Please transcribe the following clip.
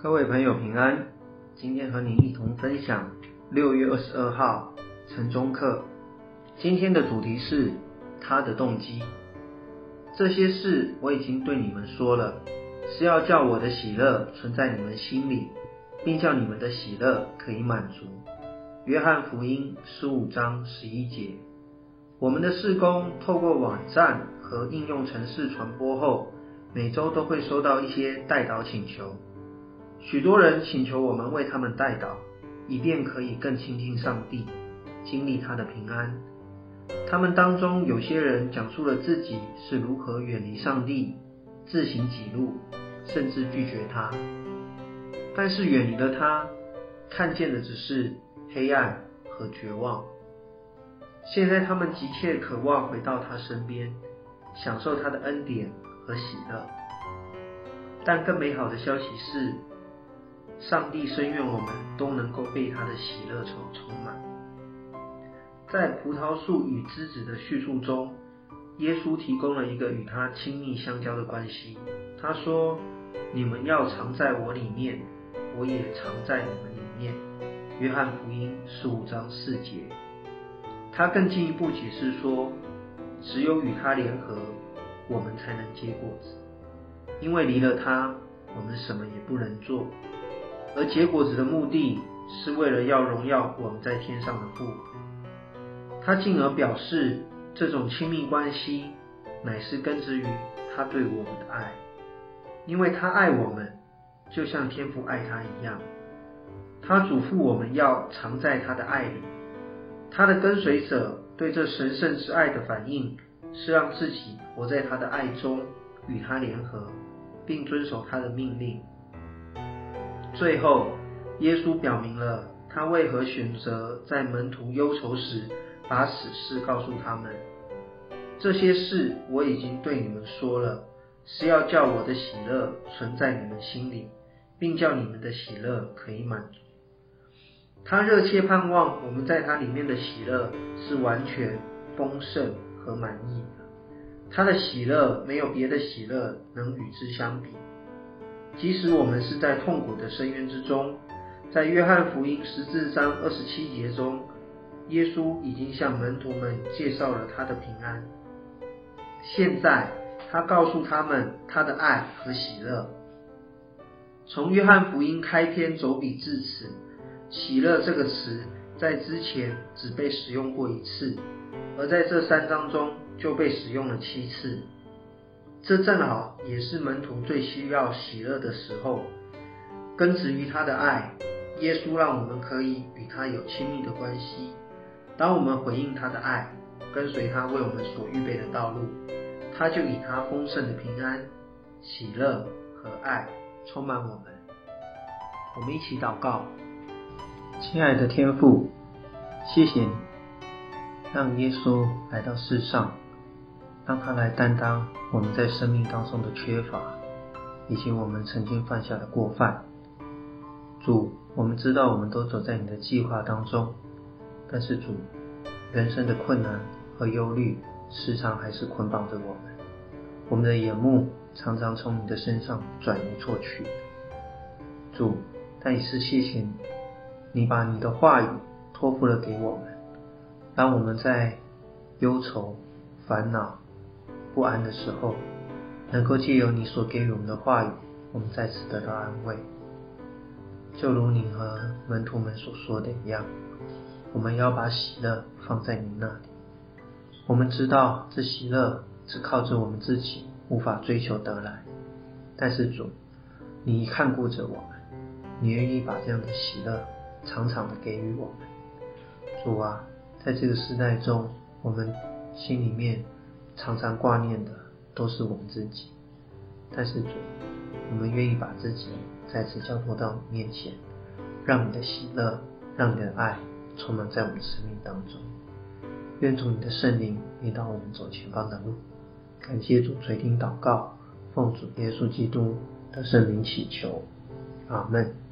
各位朋友平安，今天和您一同分享六月二十二號晨鐘課，今天的主題是他的動機。這些事我已經對你們說了，是要叫我的喜樂存在你們心裡，並叫你們的喜樂可以滿足。約翰福音十五章十一節。我們的事工透過網站和應用程式傳播後，每週都會收到一些代禱請求。許多人請求我們為他們代禱，以便可以更親近上帝，經歷他的平安。他們當中有些人講述了自己是如何遠離上帝，自行己路，甚至拒絕他。但是遠離了他，看見的只是黑暗和絕望。現在他們急切渴望回到他身邊，享受他的恩典和喜樂。但更美好的消息是。上帝深願我們都能夠被他的喜樂所充滿。在葡萄樹與枝子的敘述中，耶穌提供了一個與他親密相交的關係。他說：“你們要常在我裡面，我也常在你們裡面。”約翰福音十五章四節。他更進一步解釋說，只有與他聯合，我們才能結果子，因為離了他，我們什麼也不能做。而結果子的目的是為了要榮耀我們在天上的父。他進而表示，這種親密關係乃是根植於他對我們的愛，因為他愛我們，就像天父愛他一樣。他囑咐我們要常在他的愛裡。他的跟隨者對這神聖之愛的反應是讓自己活在他的愛中，與他聯合，並遵守他的命令。最後，耶穌表明了他為何選擇在門徒憂愁時把此事告訴他們。這些事我已經對你們說了，是要叫我的喜樂存在你們心裡，並叫你們的喜樂可以滿足。他熱切盼望我們在他裡面的喜樂是完全豐盛和滿意的。他的喜樂沒有別的喜樂能與之相比。即使我們是在痛苦的深淵之中，在約翰福音十四章二十七節中，耶穌已經向門徒們介紹了他的平安。現在，他告訴他們他的愛和喜樂。從約翰福音開篇走筆至此，“喜樂”這個詞在之前只被使用過一次，而在這三章中就被使用了七次。這正好也是門徒最需要喜樂的時候。根植於他的愛，耶穌讓我們可以與他有親密的關係。當我們回應他的愛，跟隨他為我們所預備的道路，他就以他豐盛的平安、喜樂和愛充滿我們。我們一起禱告：親愛的天父，謝謝你讓耶穌來到世上。讓他來擔當我們在生命當中的缺乏，以及我們曾經犯下的過犯。主，我們知道我們都走在你的計劃當中，但是主，人生的困難和憂慮時常還是捆綁着我們。我們的眼目常常從你的身上轉移出去。主，但也是謝謝你，你把你的話語托付了給我們，當我們在憂愁、煩惱。不安的時候，能夠借由你所給予我們的話語，我們再次得到安慰。就如你和門徒們所說的一樣，我們要把喜樂放在你那裡。我們知道這喜樂只靠着我們自己無法追求得來，但是主，你一看顧着我們，你願意把這樣的喜樂常常的給予我們。主啊，在這個時代中，我們心裡面。常常掛念的都是我們自己，但是主，我們願意把自己再次交托到你面前，讓你的喜樂，讓你的愛充滿在我們的生命當中。願主你的聖靈引導我們走前方的路。感謝主垂聽禱告，奉主耶穌基督的聖靈祈求，阿門。